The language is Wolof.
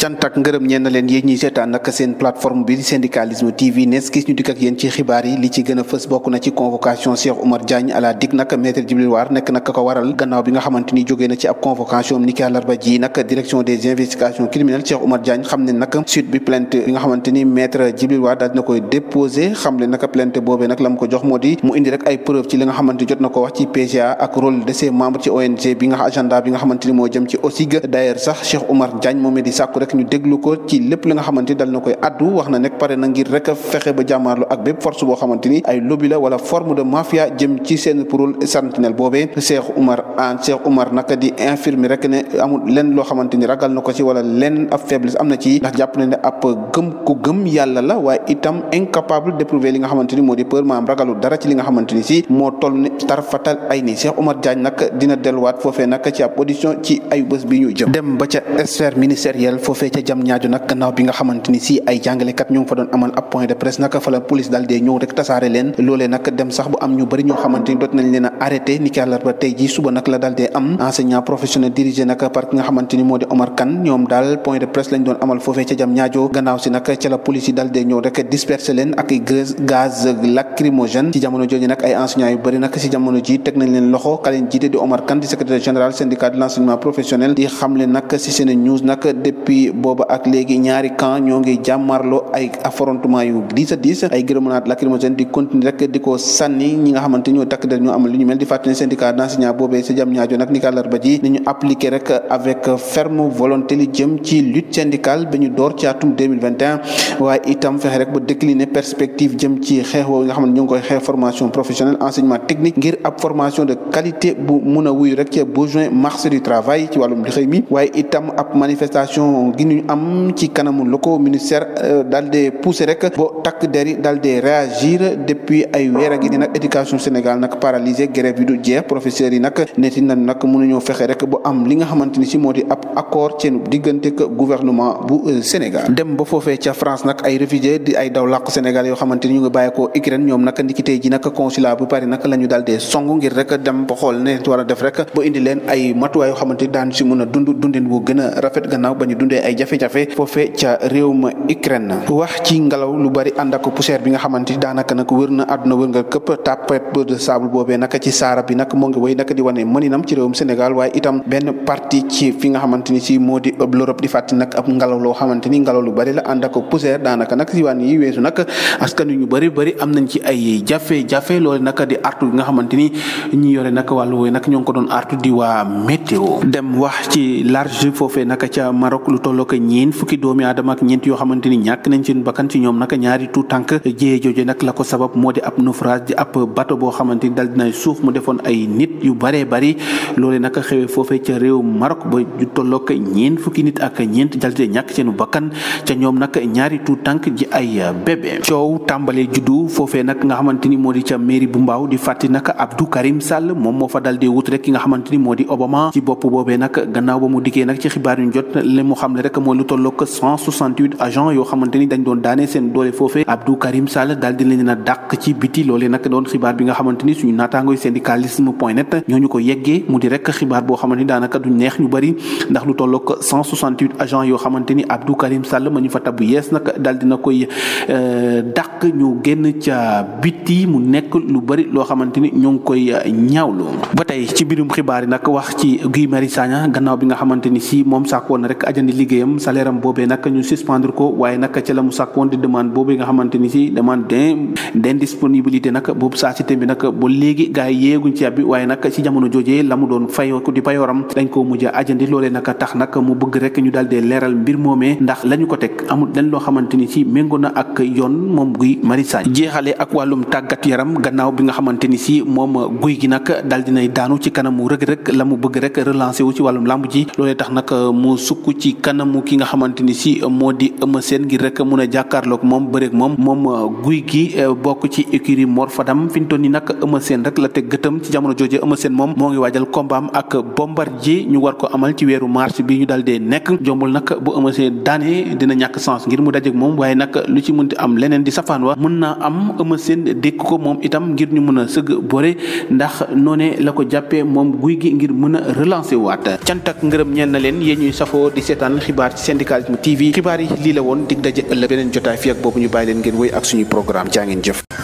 cant ak ñeen na leen yéen ñiy seetaan nag seen plateforme bi syndicalisme TV nes gis ñu dikk ak yéen ci xibaar yi li ci gën a fës bokk na ci convocation Cheikh Oumar Diagne à la DIC nag maître nekk nag ko waral gannaaw bi nga xamante ni na ci ab convocation am ni ki àllarba ji nag direction xam ne nag suite bi plainte bi nga xamante ni maître Djibril daal dina koy déposé xam ne nag plainte boobee nag la jox moo mu indi rek ay preuve ci na ko wax ci PGA ak rek ñu déglu ko ci lépp li nga xamante ni dal na koy addu wax na nekk pare na ngir rek a fexe ba jàmmaarlu ak bépp force boo xamante ni ay lobby la wala forme de mafia jëm ci seen pourul sentinelle boobee Cheikh Oumar naka di infirmer rek ne amul lenn loo xamante ni ragal na ko ci wala lenn ab faiblesse am na ci ndax jàpp na ne ab gëm ku gëm yàlla la waaye itam incapable d'éprouver li nga xamante ni moo di peur maanaam ragalu dara ci li nga xamante ni si moo toll ni tarfatal ay nii Cheikh Oumar Diagne nag dina delluwaat foofee nag ci ab audition ci ay bés bi ñu jëm dem ba ca foofee ca jam ñaaju nag gannaaw bi nga xamante si ay jàngalekat ñoo ngi fa doon amal ab point de presse nag fa la police daal dee ñëw rek tasaare leen loolee nag dem sax bu am ñu bëri ñoo xamante ni doot nañ leen suba nag la daal dee am enseignant professionnel dirigé nag par ki nga xamante ni de presse lañ doon leen ak gaz lacrymogène ci jamono jooju nag ay enseignants yu bëri nag si jamono ji teg nañ leen loxo ka jiite di Omar Kane bi booba ak léegi ñaari camp ñoo ngi jàmmarloo ay affrontement yu diis a diis ay gërëmanaat lacrymogène di continuer rek di ko sànni ñi nga xamante ñoo takk der ñoo amal ñu mel rek avec ferme volonté jëm ci lutte syndicale bi door ci waaye itam fexe rek ba décliner perspective jëm ci xeex nga xam ne ñu ngi koy xeex formation professionnelle enseignement technique ngir ab formation de qualité bu mun a wuyu rek ci besoin marché du travail ci wàllum xëy mi gi ñu am ci kanamu lu ko ministère euh, daal di poussé rek ba takk der yi daal di réagir depuis ay weer ak yi nag éducation Sénégal nag paralysé grève yi du jeex professeurs yi nag neti nañ nag mënuñoo fexe rek ba am li nga xamante ni si moo di ab accord seen diggante gouvernement bu euh, Sénégal dem ba foofee ca France nag ay réfugié di ay daw làq Sénégal yoo xamante ni ñu ngi bàyyeekoo Ukraine ñoom nag ndiki tey ji nag consulat bu Paris nag la ñu daal di song ngir rek dem ba xool ne war a def rek ba indi leen ay matuwaay yoo daan si ay jafe-jafe foofe ca réew bi nga xamante ni daanaka nag na àdduna wër nga këpp tàppet de sable boobee naka ci saara di nga xamante ni si moo di l'Europe di fàtti nag ab ngelaw loo xamante ni ngelaw lu bari la ànd ak poussière daanaka nag si wàan yi weesu nag askan bari am nañ ci ay jafe-jafe loolu naka di artu bi nga xamante ni ñi yore nag wàllu wooyu nag ñoo ngi ko doon artu di waa météo dem wax ci large foofee naka ca Maroc lu toll tolloo ko ñeen fukki doomi aadama ak ñeent yoo xamante ni ñàkk nañ seen bakkan ci ñoom naka ñaari tu tànk jéye jooje nag la ko sabab moo di ab naufrage di ab bato boo xamante ju tolloo ko ñeen fukki ni moo di ca mairie bu mbaaw di fàtti nag Abdou Karim Sall moom moo fa dal di wut rek nga xamante moo di Obama ci bopp boobee nag gannaaw ba mu dikkee nag ci xibaar yu jot li xam ne rek mooy lu tolloog 168 agents yoo xamante dañ doon daane seen doole foofee Abdou Karim Sall daal a dàq ci biti bi mu di lu tolloog 168 agents yoo ni dina koy euh, dàq ñu génn ca biti mu nekk lu bëri loo xamante ni ñoo ngi koy euh, ñaawlu ba tey ci biirum xibaar yi nag wax ci Guy Marius gannaaw bi nga xamante si moom sàkkoon rek ajandi liggéeyam salaire am boobee ñu suspendre ko waaye nag ca la mu sàkkoon di demande boobee nga xamante si demande d' indisponibilité nag boobu saa léegi gars yi yéeguñ ci abbi waaye nag si jamono joojee la mu doon fayoo di payooram dañ koo mujj a ajandi loolee nag tax nag mu bëgg rek ñu daal di leeral mbir moomee ndax la ko teg amul dañ loo xamante ni si méngoo na ak yoon moom Guy Marius Sagna ak wàllum tàggat yaram gannaaw bi nga xamante ni si moom guy gi nag daal nay daanu ci kanamu rëg rek la mu bëgg rek relancer wu ci wàllum làmb ji loolee tax nag mu sukk ci kanam kanamu ki nga xamante ni si moo di Eumeu Sène ngir rek mun a jàkkaarloog moom bëreeg moom moom euh, guy gi euh, bokk ci écurie Mor Fadam fi ñu toll nii nag Eumeu Sène rek la teg gëtëm ci jamono jooju Eumeu seen moom moo ngi waajal combat am ak Bombardier ñu war ko amal ci weeru mars bi ñu daal dee nekk jombul nag bu Eumeu Sène daanee dina ñàkk sens ngir mu dajeeg moom waaye nag lu ci mënti am leneen di safaan wa mën naa am Eumeu Sène dékk ko moom itam ngir ñu mën a sëgg bore ndax noonee la ko jàppee moom guy gi ngir mën a relancer xibaar ci syndicalisme TV xibaar yi lii la woon dig daje beneen jotaay fi boobu ñu bàyyi leen ngeen wéy ak suñu programme jaa ngeen